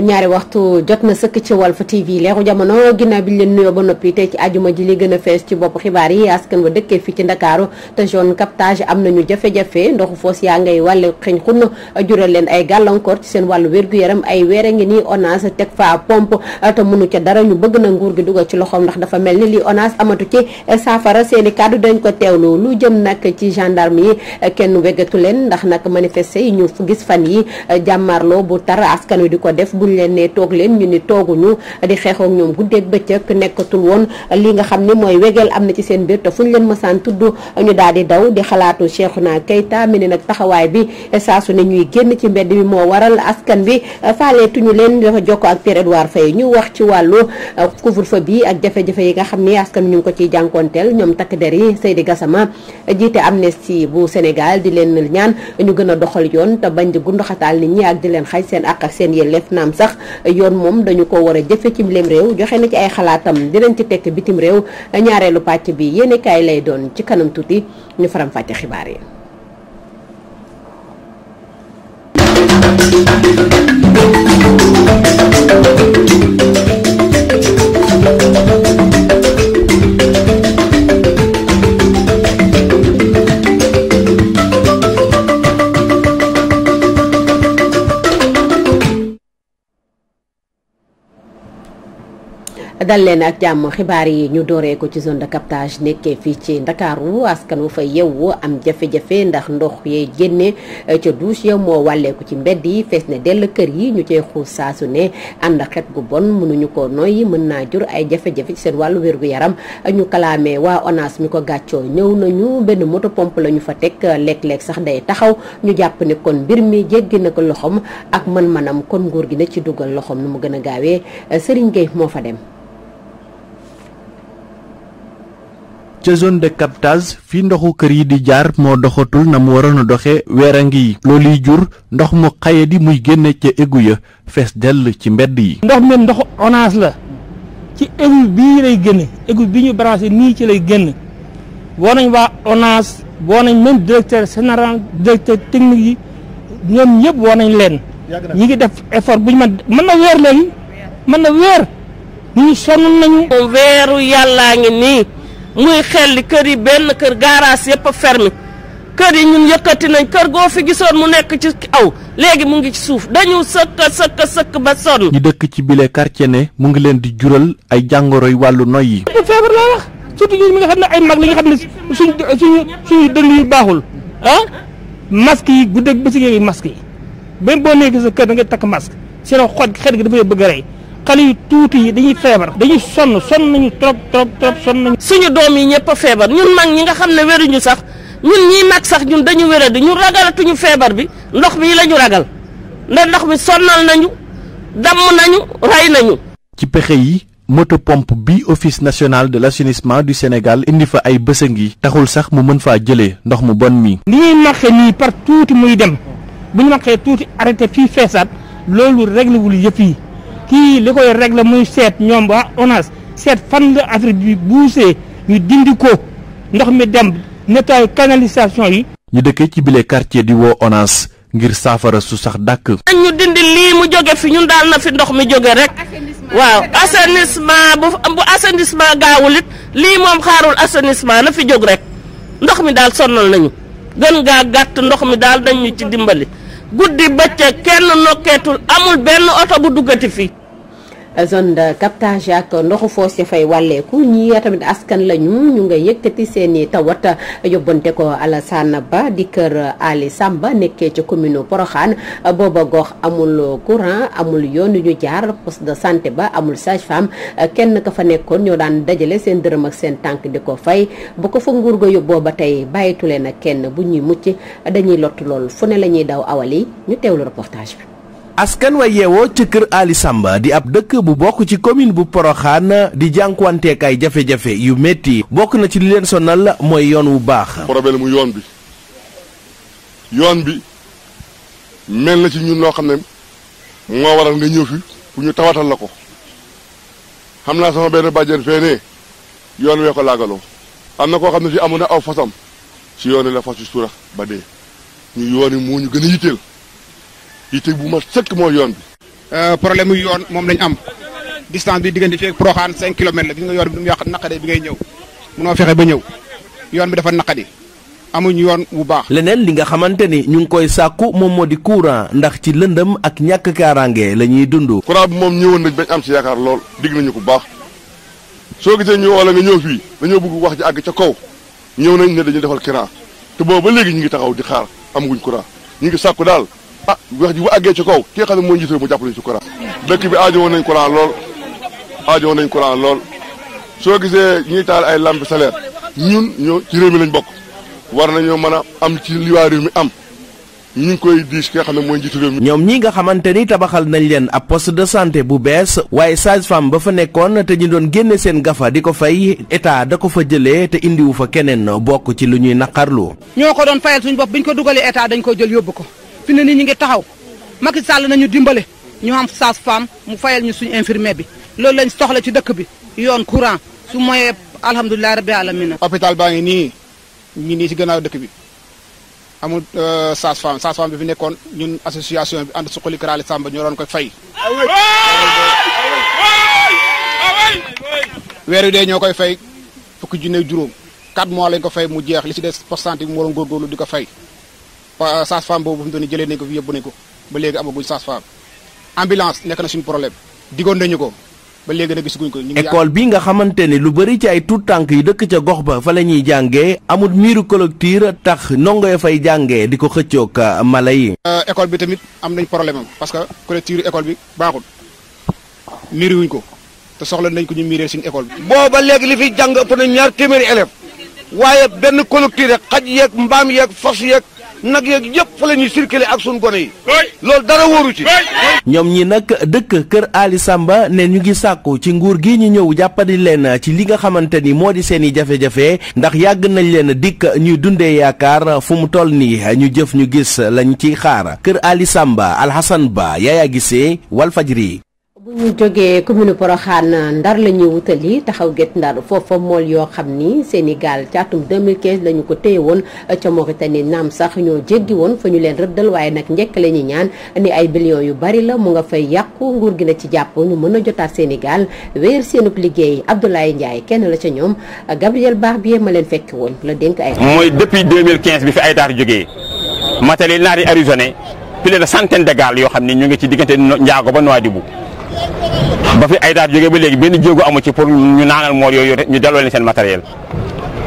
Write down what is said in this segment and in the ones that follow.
ñaari waxtu jot na sëkk ci Walf TV leeru jamono ginnaaw bi ñu leen nuyoo ba noppi tey ci àjjuma ji li gën a fees ci bopp xibaar yi askan wa dëkkee fii ci Ndakaaru te zone captage am nañu jafe-jafe ndoxu foos yaa ngay wàlle xëñ xunn jural leen ay gàllankoor ci seen wàllu wér-gu-yaram ay weere ngi nii ONAS teg fa pompe te mënu ca dara ñu bëgg na nguur gi dugal ci loxoom ndax dafa mel ni li ONAS amatu ci saafara seeni kàddu dañ ko teewlu lu jëm nag ci gendarme yi kenn wegatu leen ndax nag manifesté yi ñu gis fan yi jàmmarloo bu tar askan wi di ko def bu buñ leen ne toog leen ñu ni ñu di xeexoog ñoom guddeeg bëccëg nekkatul woon li nga xam ne mooy wegeel am na ci seen biir te fuñ leen mësaan tudd ñu daal di daw di xalaatu Cheikhuna Keita mi ne nag taxawaay bi saa su ñuy génn ci mbedd bi moo waral askan bi faaleetuñu leen dafa jokko ak Pierre Edouard Faye ñu wax ci wàllu euh, couvre-feu ak jafe yi nga xam ni askan ñu ko ciy jànkonteel ñoom takk der yi Seydi Gassama jiite Amnesty bu Sénégal di leen ñaan ñu gën a doxal yoon te bañ seen ak seen yelleef naam sax yoon moom dañu ko war a jëfe cim lem réew joxe na ci ay xalaatam dinañ ci tekk bitim réew ñaareelu pàcc bi yéene lay doon ci kanam tuuti ñu faram fàcce xibaar yi dal leen ak jàmm xibaar yi ñu dooree ko ci zone de captage nekkee fii ci ndakaaru askan wu fa yeewu am jafe-jafe ndax ndox yee génne e, ca douche ya moo wàlleeku ci mbedd yi fees ne dell kër yi ñu cey xuus saasu ne ànd ak xet gu bon mënuñu ko noyyi mën naa jur ay jafe-jafe ci seen wàllu wér-gu-yaram ñu kalaamee waa ONAS mi ko gàccoo ñëw na ñu benn moto pomp la ñu fa teg léeg-léeg sax day taxaw ñu jàpp ne kon mbir mi jéggi na ko loxoom ak mën-mënam kon nguur gi na ci dugal loxom nu mu gën a gaawee e, Serigne Gueye moo fa dem ca zone de captage fii ndoxu kër yi di jaar moo doxatul na mu waroon a doxe weer a ngi looluy jur ndox mu xaye di muy génne ca égout ya fees dell ci mbedd yi ndox mi ndoxu ONAS la ci égout bii lay génne égout bi ñu branché nii ci lay génne woo nañ waa ONAS woo nañ même directeur général directeur technique yi ñoom ñëpp woo nañ leen ñi ngi def effort bu ñu mën mën na weer léegi mën na weer ñu sonn nañu weeru yàllaa ngi nii muy xelli kër yi benn kër garage yëpp a fermé kër yi ñun yëkkati nañ kër goo fi gisoon mu nekk ci aw léegi mu ngi ci suuf dañu sëkk sëkk sëkk ba sonn. ñu dëkk ci bile quartier ne mu ngi leen di jural ay jàngoro yu wàllu noy yi. feebar laa wax surtout ñun mi nga xam ne ay mag li nga xam ne suñ suñu suñu dënnu yu baaxul ah masque yi guddeeg bëccëg yi masque yi boo nekkee sa kër da nga takk masque sinon xot xet gi dafay bëgg a rey xale yu tuuti yi dañuy feebar dañu sonn sonn nañu trop trop trop suñu doom yi ñëpp a feebar ñun mag ñi nga xam ne wéruñu sax ñun ñii mag sax ñun dañu wéradi ñu ragalatuñu feebar bi ndox mi la ñu ragal ndax ndox mi sonnal nañu damm nañu rey nañu. ci pexe yi moto pompe bi office national de la l'assainissement du Sénégal indi fa ay bësëng yi taxul sax mu mën faa jëlee ndox mu bon mii li ñuy maqee nii par tuuti muy dem bu ñu maqee tuuti arrêté fi feesaat loolu réglé yëpp yi. kii li koy régler muy seet ñoom waa ONAS seet fan la affaire bi buusee ñu dindi ko ndox mi dem nettoyer canalisation yi. ñu dëkkee ci bile quartier di woo ONAS ngir saafara su sax dàkk. nañ ñu dindi lii mu jóge fi ñun daal na fi ndox mi jóge rek. waaw assainissement bu bu assainissement gaawul it lii moom xaarul assainissement na fi jóg rek ndox mi daal sonnal nañu gën gaa gàtt ndox mi daal nañ ci dimbali. guddi bëccëg kenn nokkeetul amul benn oto bu duggati fii zone de captage ak ndoxu foos ya fay wàlleeku ñi tamit askan lañu ñu nga yëkkati seen i tawat yóbbante ko Alassane Ba di kër Ali Samba nekkee ci commune Porokhane booba gox amul courant amul yoon yu ñu jaar poste de santé ba amul sage-femme kenn ka fa nekkoon ñoo daan dajale seen dërëm ak seen tànk di ko fay bu ko fa nguur ga yóbboo ba tey leen na kenn bu ñuy mucc dañuy lott lool fu ne la ñuy daw awal yi ñu teewlu reportage bi askan wa yeewoo ci kër Ali Samba di ab dëkk bu bokk ci commune bu Poroxaan di jànkuwanteek ay jafe-jafe yu métti bokk na ci li leen sonal mooy yoon wu baax. problème mu yoon bi yoon bi mel na ci ñun loo xam ne moo waral nga ñëw fi pour ñu tawatal la ko xam naa sama benn bàjjen fee ne yoon wee ko laagaloo. am na koo xam ne fi amoon na aw fasam ci yoon la fas yu surax ba dee ñu yoon yi moo ñu gën a yitteel. yitte bu ma sëkk mooy yoon bi. Euh, problème yu yoon moom lañ am distance bi diggante fii ak Proxaan 5 kilomètres la gis nga yoon bi nu mu yàq naqaree bi ngay ñëw munoo fexe ba ñëw yoon bi dafa naqadi. amuñu yoon bu baax. leneen li nga xamante ni ñu ngi koy sàkku moom moo di courant ndax ci lëndëm ak ñàkk kaaraange la ñuy dund. courant bi moom ñëwoon nañ bañ am si yaakaar lool digg nañu ko bu baax soo gisee ñu wala nga ñëw fii dañoo bëgg wax ji àgg ca kaw ñëw nañ ne dañuy defal courant te boobu ba ñu ngi taxaw di xaar amaguñ courant ñu ngi daal ah wax ji bu àggee ci kaw ki nga xam ne moo njiitu mu jàppale ci courant dëkk bi aajowoon nañ courant lool aajowoon nañ courant lool soo gisee ñuy taal ay lampe solaire ñun ñoo ci réew mi lañ bokk war nañoo mën a am ci li waa réew mi am ñu ngi koy diis ki nga xam ne mooy njiitu réew mi. ñoom ñi nga xamante ni tabaxal nañ leen ab poste de santé bu bees waaye sage-femme ba fa nekkoon te ñu doon génne seen gafa di ko fay état da ko fa jëlee te indiwu fa keneen bokk ci lu ñuy naqarlu. ñoo ko doon fayal bopp ko dugalee état dañ ko jël yóbbu ko. fi ne nii ñu ngi taxaw Macky Sall nañu dimbale ñu am sage-femme mu fayal ñu suñu infirmier bi loolu lañ soxla ci dëkk bi yoon courant su moyee alhamdulilah rabbi alamina hôpital baa ngi nii ñu nii si gannaaw dëkk bi amul euh, sage-femme sage-femme bi fi nekkoon ñun association bi ànd suqali Kër Samba ñoo doon koy fay. weer wi dee ñoo koy fay fukki junne juróom 4 mois lañ ko fay mu jeex li ci des pourcentage bi mu waroon góorgóorlu di ko fay. sage-femme boobu fi mu doon jëlee nañ ko fi yóbbu nañ ko ba léegi amaguñ sas femme ambulance nekk na suñ problème digoon nañu ko ba léegi nag gisaguñ ko. ñu ngi école bi nga xamante ne lu bëri ci ay tuut tànk yi dëkk ca gox ba fa la ñuy jàngee amul miiru collecteur tax ndongo ya fay jàngee di ko xëccoog uh, mala yi. Euh, école bi tamit am nañ problème am parce que collecteur école bi baaxul miir wuñ ko te soxla nañ ko ñu miiree suñ école bi. booba léegi li fi jàng ëpp na ñaar téeméeri élèves waaye benn collecteur rek xaj yeeg mbaam yeeg fas nag yeeg yëpp fa la ñuy circuler ak suñu gone yi. loolu dara wóoru ci. ñoom ñi nag dëkk kër Ali Samba ne ñu ngi sàkku ci nguur gi ñu ñëw jàppandi leen ci li nga xamante ni moo di seeni i jafe-jafe ndax yàgg nañ leen dikk ñuy dundee yaakaar fu mu toll nii ñu jëf ñu gis lañ ci xaar kër Ali Samba Alhassane Ba gisee Gissé Walfadjri bu ñu jógee commune Porokhane ndar la ñuy wutali taxaw gét ndar foofa mool yoo xam ni Sénégal ca atum 2015 la ñu ko téye woon ca Mauritanie naam sax ñoo jéggi woon fa ñu leen rëddal waaye nag njëkk la ñu ñaan ni ay billions yu bari la mu nga fay yàqu nguur gi na ci jàpp ñu mën a jotaat Sénégal weer seenub liggéey Abdoulaye Ndiaye kenn la ca ñoom Gabriel Barbier ma leen fekk woon la dénk ay. mooy depuis 2015 bi fi ay taar jógee matali naari Arizona plus de centaine de gaal yoo xam ne ñu ngi ci diggante Ndiago ba Nouadhibou. ba fi ay daat jógee ba léegi benn jéego amu ci pour ñu naanal mool yooyu ñu delloo leen seen matériel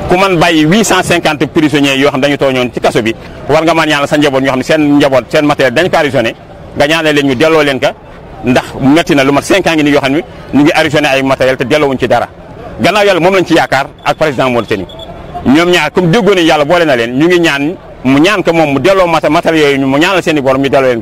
ku man bàyyi huit cent cinquante prisonniers yoo xam dañu tooñoon ci kaso bi war nga mën ñaanal sa njaboot ñoo xam ne seen njaboot seen matériel dañ ko arraisonné nga ñaanal leen ñu delloo leen ka ndax metti lu mat cinq ngi nii yoo xam ne ñu ngi arraisonné ay matériel te delloowuñ ci dara gannaaw yàlla moom lañ ci yaakaar ak président Mauritanie ñoom ñaar comme déggoo yàlla boole na leen ñu ngi ñaan mu ñaan ko moom mu delloo matériel i borom ñu delloo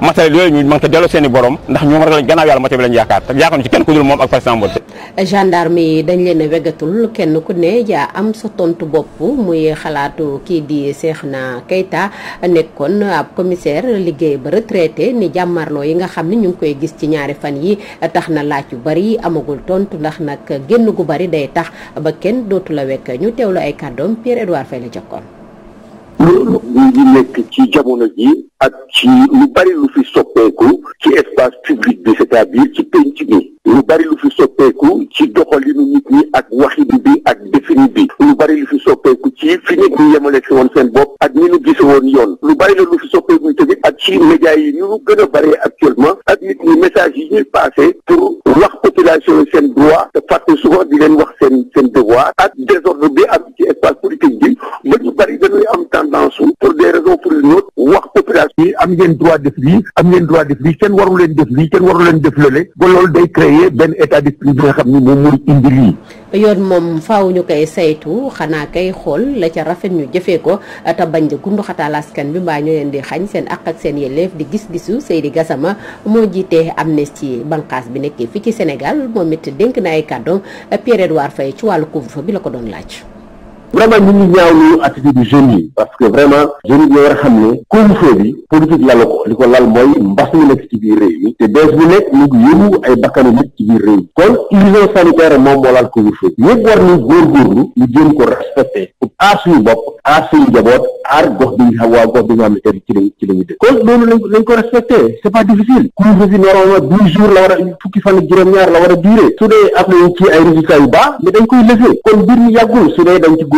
matériel yooyu ñu mën ko delloo seen i borom ndax ñoom rek lañ gannaaw yàlla matériel bi lañ yaakaar te yaakaar ci kenn ku dul moom ak président Mbodj gendarme yi dañ leen a wegatul kenn ku ne yaa am sa tontu bopp muy xalaatu kii di na Keita nekkoon ab commissaire liggéey ba retraité ni jàmmarloo yi nga xam ni ñu ngi koy gis ci ñaari fan yi tax na laaj yu bari amagul tontu ndax nag génn gu bari day tax ba kenn dootu la wekk ñu teewlu ay kàddoom Pierre Edouard Faye la jokkoon loolu mu ngi nekk ci jamono ji ak ci lu bari lu fi soppeeku ci espace public bi c'est-à-dire ci penc mi lu bari lu fi soppeeku ci doxalinu nit ñi ak waxin bi ak défini bi lu bari lu fi soppeeku ci fi nit ñi se si woon seen bopp ak ni ñu gise woon yoon lu bari la lu fi soppeeku tamit ak ci médias yi ni ñu gën a bari actuellement ak nit ñi message yi ñuy passé pour wax population yi seen droit te fàtte souvent di leen wax seen seen devoir ak désordre bi am ci espace politique bi ba ñu bari dañuy am tendance pour des raisons pour une autre ni am ngeen droit def lii am ngeen droit def lii kenn waru leen def lii kenn waru leen def lële bo lool day créer benn état d'esprit bi nga xam ni moom mooy indi lii. yoon moom faaw ñu koy saytu xanaa kay xool la ca rafet ñu jëfee ko te bañ di gundu askan bi mbaa ñu leen di xañ seen ak ak seen yelleef di gis-gisu Seydi Gassama moo jiite Amnesty banqaas bi nekkee fii ci Sénégal moom it dénk na ay kàddu Pierre Edouard Faye ci wàllu couvre bi la ko doon laaj. vraiment ñu ngi ñaawlu attitude bi jeunes yi parce que vraiment jeunes yi war a xam ne couvre-feu bi politique ko li ko lal mooy mbas mi nekk ci biir réew mi te bés bu nekk ñu ngi ay bakkanu nit ci biir réew mi kon urgence sanitaire moom moo laal couvre-feu bi ñëpp war nañ góorgóorlu ñu jéem ko respecté pour aar suñu bopp aar suñu njaboot aar gox bi nga xam bi nga xam ne tey ci lañ ci lañu dëkk kon loolu lañ lañ ko respecté c'est pas difficile couvre-feu bi douze jours la war a fukki a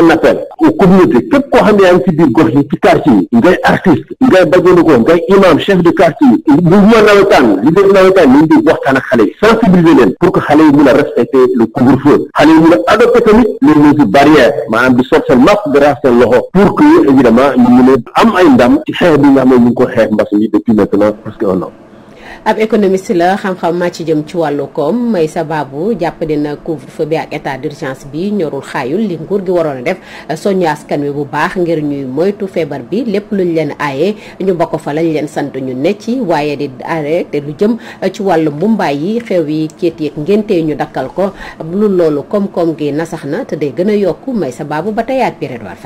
un appel aux communautés képp koo xam ne yaa ngi ci biir gox yi ci quartier yi ngay artiste ngay ko ngay imam chef de quartier yi mouvement nawetaan leader nawetaan ñu ngi waxtaan ak xale yi sensibiliser leen pour que xale yi mun a respecter le couvre-feu xale yi mun a adopter tamit les mesures barrières maanaam di sot seen masque di raxas seen loxo pour que évidemment ñu mun a am ay ndam ci xeex bi nga xam ne ñu ko xeex mbas mi depuis maintenant presque un an ab économiste la xam-xam ci jëm ci wàllu koom may sa jàpp dina couvre-feu bi ak état d'urgence bi ñorul xaayul li nguur gi waroon a def soññu askan wi bu baax ngir ñuy moytu feebar bi lépp luñ leen aaye ñu bokk fa lañ leen sant ñu ne ci waaye di te lu jëm ci wàllu mbumbaay yi xew yi kéet yeeg ngénte ñu dakkal ko lu loolu koom-koom gi nasax na te day gën a yokk may sa baabu ba teyaat ak Pierre Edouard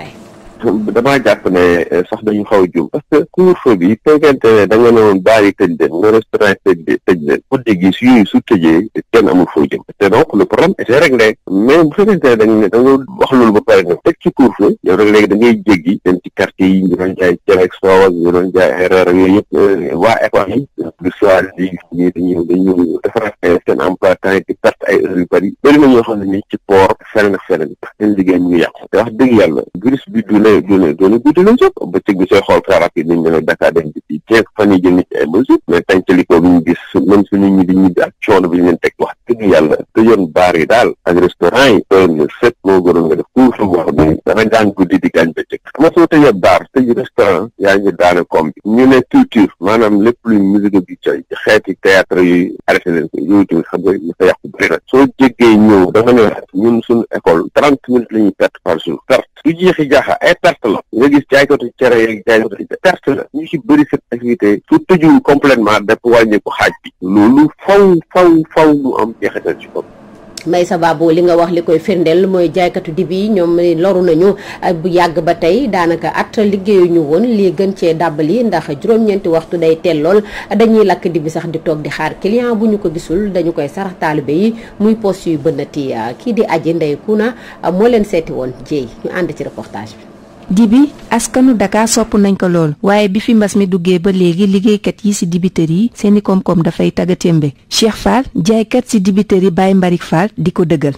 damaa jàpp ne eh, sax dañu xaw a jum parce que couvre-feu bi fekkente ne da nga ne woon baar yi tëj leen nga restaurant yi tëj tëj leen guddi su tëjee kenn amul foo jëm te donc le problème était réglé mais bu fekkente ne dañ da nga wax loolu ba pare ne teg ci couvre léegi da ngay jéggi dem ci quartier yi ñu doon jaay ceeb doon jaay ay reer ak yooyu yëpp eh, waa école yi plus soir yi ñi dañu dañu defaraat seen emploi temps yi di perte ay heures yu bari bëri na ñoo xam ne ni ci port feneen ak feneen ndax liggéey ñu yàqu te wax dëgg yàlla virus bi du ne du ne doona guddi la jot bëccëg bi sooy xool très rapide niñ demee Dakar dem depuis cinq fan yi jël nit ay mesures bi ñu gis même su nit di ñibbi ak coono bi ñu leen teg wax dëgg yàlla tëjoon baar yi daal ak restaurant yi tooyoon nga fépp a gënoon nga def kuur su boo xam ne dana gaañ guddi di gaañ bëccëg xam nga soo tëjee baar tëj restaurant yaa ngi daane koom bi ñu ne culture maanaam lépp luy musique bi coy xeeti théâtre yuy arrêté leen ko yooyu tamit xam nga ñu fa soo jéggee ñëw da nga ne ñun suñu école trente minutes la ñuy perte par jour perte du jeexi jaaxa ay perte la nga gis jaaykatu cere yeeg jaaykatu perte la ñu ci bëri cette activité su tëjuwul complètement def wàññi may sa bopp. li nga wax li koy firndeel mooy jaaykatu dibi yi ñoom loru nañu bu yàgg ba tey daanaka at ñu woon lii gën cee dàbbali ndax juróom-ñeenti waxtu day teel lool dañuy lakk dibi sax di toog di xaar client bu ñu ko gisul dañu koy sarax taalibe yi muy post yu bënnati kii di aji ndey kuna moo leen seeti woon jéey ñu ànd ci reportage bi. dibi askanu Dakar sopp nañ ko lool waaye bi fi mbas mi duggee ba léegi liggéeykat yi ci dibitër yi seeni koom-koom dafay tagatémbe Cheikh Fall jaaykat ci dibitër yi Baye Mbarik Fall di ko dëggal.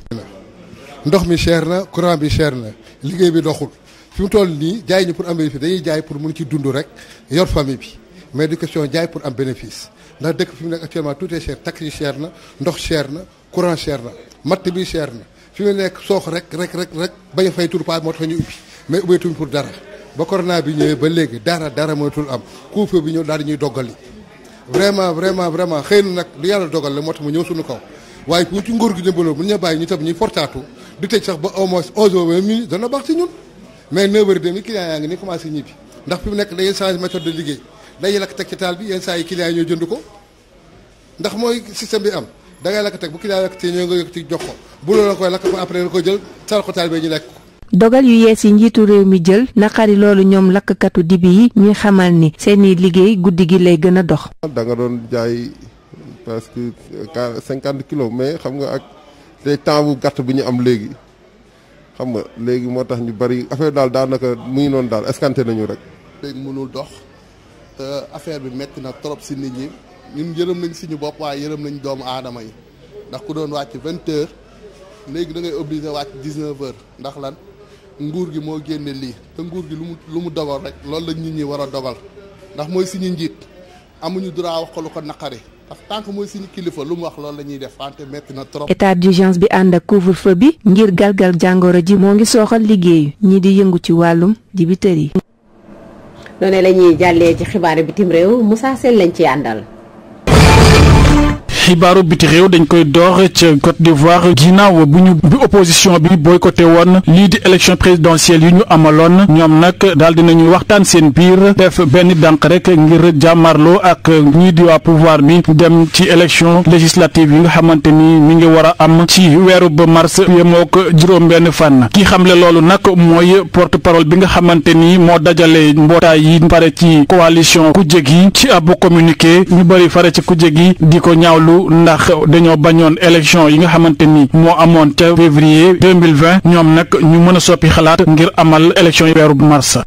ndox mi cher na courant bi cher na liggéey bi doxul fi mu toll nii jaay ñu pour am bénéfice dañuy jaay pour mu mun ci dund rek yor famille bi mais du question jaay pour am bénéfice ndax dëkk fi mu nekk actuellement tout est cher taxi cher na ndox cher na courant cher na bi cher na fi mu nekk soox rek rek rek rek bañ a fay moo tax ñu mais ubbeetuñ pour dara ba corona bi ñëwee ba léegi dara dara moytul am ñëw daal di ñuy doggali vraiment vraiment vraiment xëy na nag lu yàlla dogal la moo tax mu ñëw suñu waaye ku ci nguur gi dimbaloo bu ñu bàyyi ñu tam ñuy fortaatu di tëj sax ba au moins 11 heures vingt minutes yaa ngi ni commencé ñibbi ndax fi mu nekk dañuy changer méthode de liggéey dañuy lakk teg ci taal bi yenn saa yi clients yi ñoo jënd ko ndax mooy système bi am da ngay lakk teg bu client lakk tee ñoo nga jox ko bu loolu la koy lakk ko après la koy jël sal ko taal bi ñu lekk ko dogal yu yees yi njiitu réew mi jël naqari loolu ñoom lakk lakkatu dibi yi ñuy xamal ni seeni liggéey guddi gi lay gën a dox. da nga doon jaay presque cinquante kilos mais xam nga ak te temps bu gàtt bi ñu am léegi xam nga léegi moo tax ñu bari affaire daal daanaka muy noonu daal escanté nañu rek. léegi mënul dox te affaire bi metti na trop si nit ñi ñun yërëm nañ suñu bopp waaye yërëm nañu doomu aadama yi ndax ku doon wàcc vingt heures léegi da ngay obligé wàcc dix neuf heures ndax lan. nguur gi moo génne lii te nguur gi lu mu lu mu dogal rek loolu la nit ñi war a dogal ndax mooy suñu njiit amuñu droit wax ko lu ko naqari ndax tànk que mooy suñu kilifa lu mu wax loolu la ñuy def wante metti na trop. état d'urgence bi ànd ak couvre-feu bi ngir galgal jàngoro ji moo ngi sooxal liggéeyu ñi di yëngu ci wàllum dibitër yi. noonu la ñuy jàllee ci xibaar bitim réew Moussa Sène lañ ci àndal. xibaaru biti réew dañ koy door ca Côte d'Ivoire ginnaaw bu ñu bi opposition bi booy boycotté woon lii di élection présidentielle yi ñu amaloon ñoom nag daal dinañuy waxtaan seen biir def benn dànk rek ngir jàmmarloo ak ñii di waa pouvoir bi dem ci élection législative yi nga xamante ni mi ngi war a am ci weeru ba mars yemook juróom-benn fànn ki xamle loolu nak mooy porte parole bi nga xamante ni moo dajale mbootaay yi pare ci coalition kujje gi ci ab communiqué ñu bëri fare ci kujje gi di ko ñaawlu ndax dañoo bañoon élection yi nga xamante ni moo amoon ca février 2020 ñoom nag ñu mën a soppi xalaat ngir amal élection yi weeru mars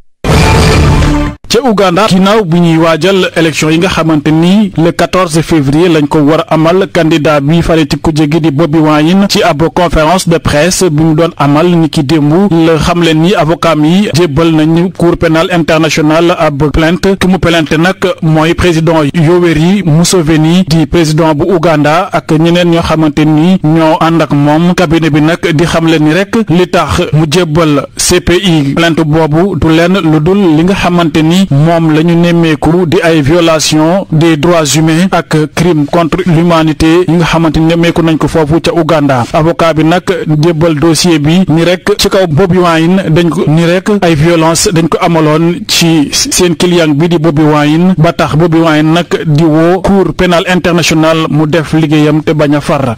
ca Uganda ginnaaw bu ñuy waajal élection yi nga xamante ni le 14 février lañ ko war a amal candidat bi fare ci kujje gi di Bobi Wine ci ab conférence de presse bi mu doon amal ni ki démb la xam leen ni avocat yi jébbal nañu cour pénale internationale ab plainte ki mu plainte nag mooy président Yoweri Museveni di président bu Uganda ak ñeneen ñoo xamante ni ñoo ànd ak moom cabinet bi nag di xam leen ni rek li tax mu jébbal CPI plainte boobu du leen lu dul moom la ñu nemmeeku di ay violation des droits humains ak crime contre l'humanité yi nga xamante ni nemmeeku nañ ko foofu ca Ouganda avocat bi nag jébbal dossier bi ni rek ci kaw Bobi Wine dañ ko ni rek ay violence dañ ko amaloon ci seen client bi di Bobi Wine ba tax Bobi Wine nag di woo Cour pénale internationale mu def liggéeyam te bañ a far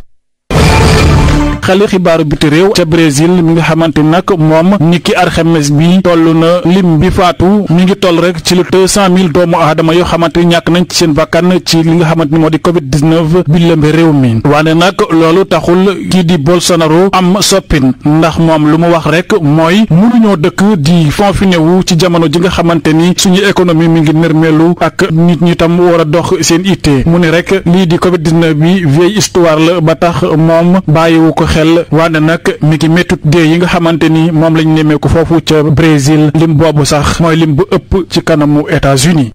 jeexale xibaaru biti réew ca Brésil mi nga xamante ni nag moom niki arxemes bi toll na lim bi faatu mi ngi toll rek ci lu deux cent mille doomu aadama yoo xamante ni ñàkk nañ ci seen bakkan ci li nga xamante ni moo di Covid 19 bi lëmbe réew mi waane nag loolu taxul kii di Bolsonaro am soppin ndax moom lu mu wax rek mooy mënuñoo dëkk di confiné wu ci jamono ji nga xamante ni suñu économie mi ngi nërmeelu ak nit ñi tam war a dox seen ittee mu ne rek lii di Covid 19 bi vieille la ba tax moom bàyyiwu ko. xel waane nag mi ngi méttut dee yi nga xamante ni moom lañu nemmeeku foofu ca Brésil lim boobu sax mooy lim bu ëpp ci kanamu États-Unis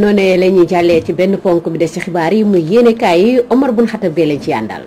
noonee la ñuy jàllee ci benn ponk bi des ci xibaar yi muy yéene kaay yi Omar bun lañ ci àndal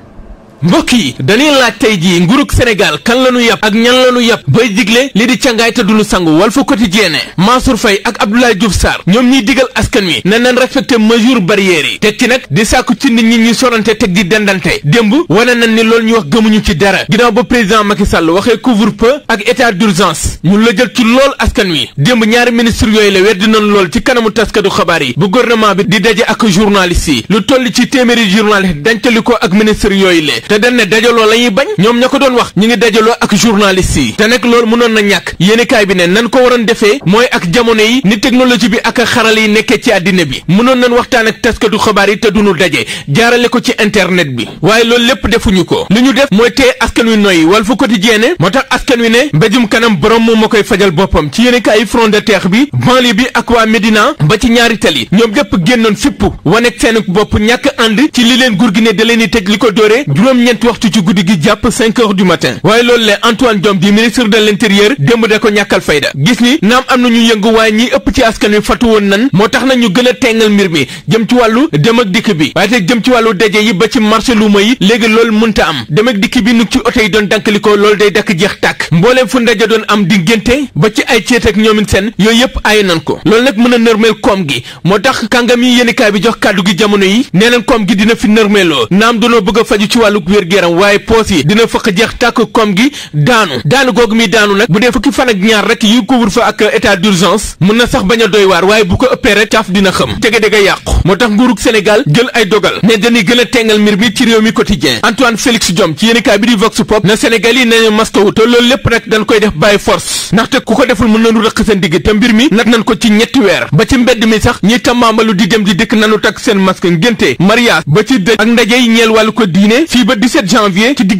mbokk yi dañuy laaj tey jii nguurug Sénégal kan la ñu yàpp ak ñan la ñu yàpp bay digle li di cangaay te duñu sangu Walf jeene Mansour Faye ak Abdoulaye Diouf Sarr ñoom ñiy digal askan wi ne nañ respecté mesure barrières yi teg ci nag di sàkku ci nit ñi ñuy sorante teg di dendante démb wane nañ ni loolu ñu wax gëmuñu ci dara ginnaaw ba président Macky Sall waxee couvre-feu ak état d'urgence ñu lëjal ci lool askan wi démb ñaari ministre yooyu la weddi nañ lool ci kanamu taskatu xabaar yi bu gouvernement bi di daje ak journaliste yi lu toll ci téeméeri journaliste dañtali ko ak ministre yooyu la te dañ ne dajaloo la ñuy bañ ñoom ña ko doon wax ñu ngi dajaloo ak journaliste yi te nag loolu mënoon na ñàkk yéenekaay bi ne nan ko waroon defee mooy ak jamono yi ni technologie bi ak xarala yi nekkee ci àddina bi mënoon na waxtaan ak taskatu xabaar yi te duñu daje jaarale ko ci internet bi waaye loolu lépp defuñu ko li ñu def mooy teye askan wi noyyi Walf Quotidien ne moo tax askan wi ne mbéjum kanam borom moom moo koy fajal boppam ci yéenekaay front de terre bi banlieue bi ak waa Médina ba ci ñaari tali ñoom ñëpp génnoon fipp wanek seen bopp ñàkk ànd ci li leen gur gi ne da leen di tëj li ko dóore juróom-ñeenti waxtu ci guddi gi jàpp 5 heures du matin waaye loolu Antoine Diome di ministre de l'intérieur démb da ko ñàkkal fayda gis ni naam am na ñu yëngu waaye ñi ëpp ci askan wi fatu woon nan moo tax na ñu gën a teengal mbir mi jëm ci wàllu dem ak dikk bi waaye te jëm ci wàllu daje yi ba ci marché luuma yi léegi loolu mënta am dem ak dikk bi nu ci oto yi doon dànkalikoo loolu day dakk jeex tàkk mbooleem fu ndaje doon am di ngénte ba ci ay ceet ak ñoomin seen yooyu yëpp ay nan ko loolu nag mën a nërmeel koom gi moo tax bi jox kàddu gi yi nee nañ koom gi dina fi nërmeeloo a faju ci ak wér waaye poos yi dina fëq jeex tàkk koom gi daanu daanu googu mi daanu nag bu dee fukki fan ak ñaar rek yi couvre-feu ak état d'urgence mën na sax bañ a doy waaye bu ko ëppee rek caaf dina xam tege dega yàqu moo tax nguurug Sénégal jël ay dogal ne dañuy gën a tengal mbir mi ci réew mi quotidien Antoine Félix Diome ci yéenekaay bi di Vox Pop na Sénégal yi nañu mastawu te loolu lépp nag dañ koy def bàyyi force ndaxte ku ko deful mën nañu rëq seen digg te mbir mi nag nañ ko ci weer ba ci mbedd mi sax ñi tamaamalu di dem dëkk nanu takk seen masque ngénte mariage ba ci dëj ak ndaje yi ñeel wàllu ko diine 17 janvier ci di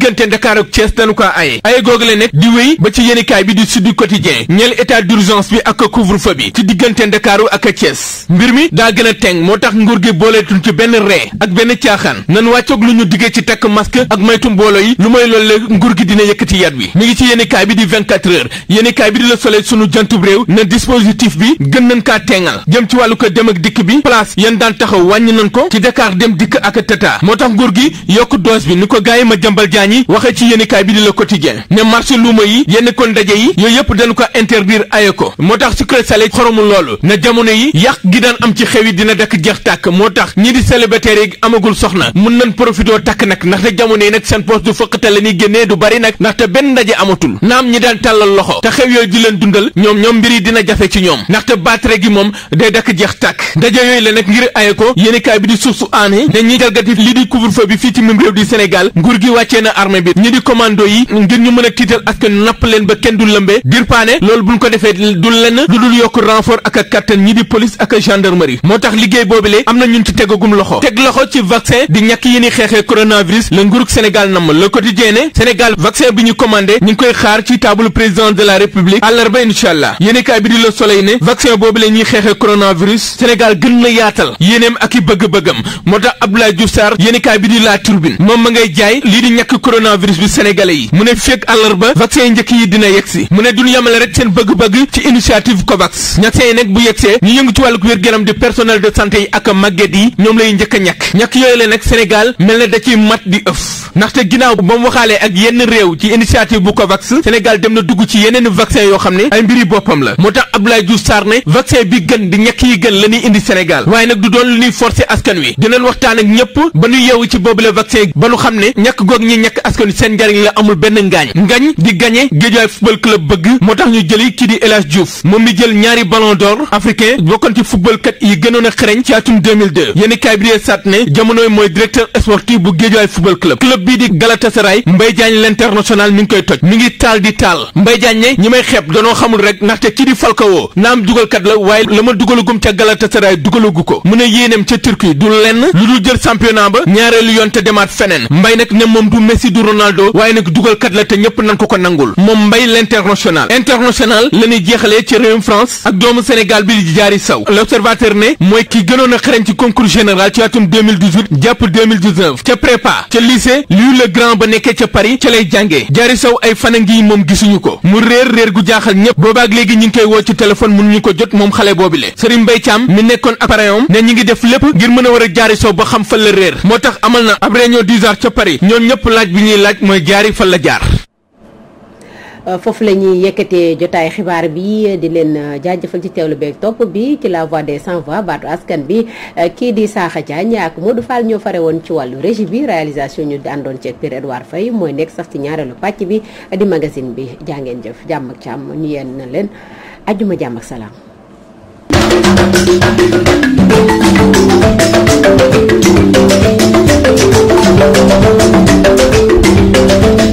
wéy ba ci yéenikaay bi di Sud Quotidien ñeel état d'urgence bi ak mbir mi daa gën a teng moo tax nguur gi booleetuñ ci benn ree ak benn caaxaan nan wàccoog lu ñu diggee ci takk masque ak maytu mbooloo yi lu may loolu nguur gi dina yëkkati yat wi mi ngi ci yéenikaay bi di 24 heures yéenikaay bi di Le Soleil sunu jantub réew na dispositif bi gën nañ kaa teengal jëm ci wàllu ko dem ak dikk bi place yan daan taxaw wàññi nañ ko ci Dakar dem dikk ak tata moo tax nguur gi yokk dose bi ko gaay ma jëmbal jaañi waxee ci yéenekaay bi di Le Quotidien ne marché luuma yi yenn kon ndaje yi yooyu yëpp dañu ko interdire aye ko moo tax sucré salé xoromu loolu na jamono yi yàq gi daan am ci xew yi dina dakk jeex tàkk moo tax ñi di célibataire yi amagul soxna mun nañ profitoo takk nag ndaxte jamono yi nag seen poste du fëqate la ñuy génnee du bari nag ndaxte benn ndaje amatul naam ñi daan tàllal loxo te xew yooyu di leen dundal ñoom ñoom mbir yi dina jafe ci ñoom ndaxte battre gi moom day dakk jeex tàkk ndaje yooyu la nag ngir aye ko yéenekaay bi di source aané ne Sénégal nguur gi wàccee na armée bi ñi di commando yi ngir ñu mën a tiital askan napp leen ba kenn du lëmbee biir paane loolu buñ ko defee du lenn lu dul yokk renfort ak ak ñi di police ak a moo tax liggéey boobule am na ñun ci tegagum loxo teg loxo ci vaccin di ñàkk yi xeexee coronavirus la nguurug Sénégal namm le quotidien ne Sénégal vaccin bi ñu commandé ñu koy xaar ci table président de la république àllarba incha allah yéenekaay bi i yéene jaay lii di ñàkk coronavirus bi sénégalais yi mu ne fekk àllarba vaccin yi njëkk yi dina yegsi mu ne duñ yamale rek seen bëgg-bëgg ci initiative COVAX ñaksee yi nag bu yegsee ñu yëngu ci wàllu wér gu di personnel de santé yi ak màgget yi ñoom lay njëkk a ñàkk ñàkk yooyu la nag Sénégal mel na da ciy mat di ëf ndaxte ginnaaw ba mu ak yenn réew ci initiative bu COVAX Sénégal dem na dugg ci yeneen vaccin yoo xam ne ay mbiri boppam la moo tax Abdoulaye Diouf Sarr ne vaccin bi gën di ñàkk yi xam ne ñàkk goog ñi ñàkk askan seen njariñ la amul benn ngaañ ngañ di gagné Guédiawaye football club bëgg moo tax ñu jëli kii di El Hadj moom mi jël ñaari ballon d'or africain bokkoon ci football kat yi gënoon a xereñ ci atum 2002 yéen kaay bi dee sat ne jamonoy mooy directeur sportif bu Guédiawaye football club bii di Galatasaray Mbaye Diagne l'international mi ngi koy toj mi ngi taal di taal Mbaye Diagne ne ñi may xeeb danoo xamul rek ndaxte kii di Falcao naam dugalkat la waaye la ma dugalugum ca Galatasaray dugalagu ko mu ne yéeneem ca Turquie du lenn lu dul jël championnat ba ñaareelu yoon te demaat feneen Mbaye nag ne moom du Messi du Ronaldo waaye nag dugalkat la te ñëpp nan ko ko nangul moom Mbaye l'international international la ñuy jeexalee ci réewum France ak doomu Sénégal bi di Diary Sow l'observateur ne mooy ki gënoon a xarañ ci concours général ci atum 2018 jàpp 2019 ca prépa ca lycée Louis le Grand ba nekkee ca Paris ca lay jàngee Diary Sow ay fan a ngi moom gisuñu ko mu réer réer gu jaaxal ñëpp boobaak léegi ñu ngi koy woo ci mënuñu ko jot moom xale boobu le Serigne Mbaye Thiam mi nekkoon appareil am ne ñu ngi def lépp ngir mën a a moo tax amal na ca Paris ñoom ñëpp laaj bi ñuy laaj mooy jaari fan la jaar. Euh, foofu la ñuy yëkkatee jotaay xibaar bi di leen euh, jaajëfal ci teewlu beeg topp bi ci la voix des sans voix baatu askan bi euh, kii di Saaxa Diagne ak Modou Fall ñoo fare woon ci wàllu régie bi réalisation ñu di àndoon ceeg Pierre Edouard Faye mooy nekk sax ci ñaareelu pàcc bi di magasin bi jàngeen jëf jàmm ak càmm ñu yeen na leen ajjuma jàmm ak salaam. thank you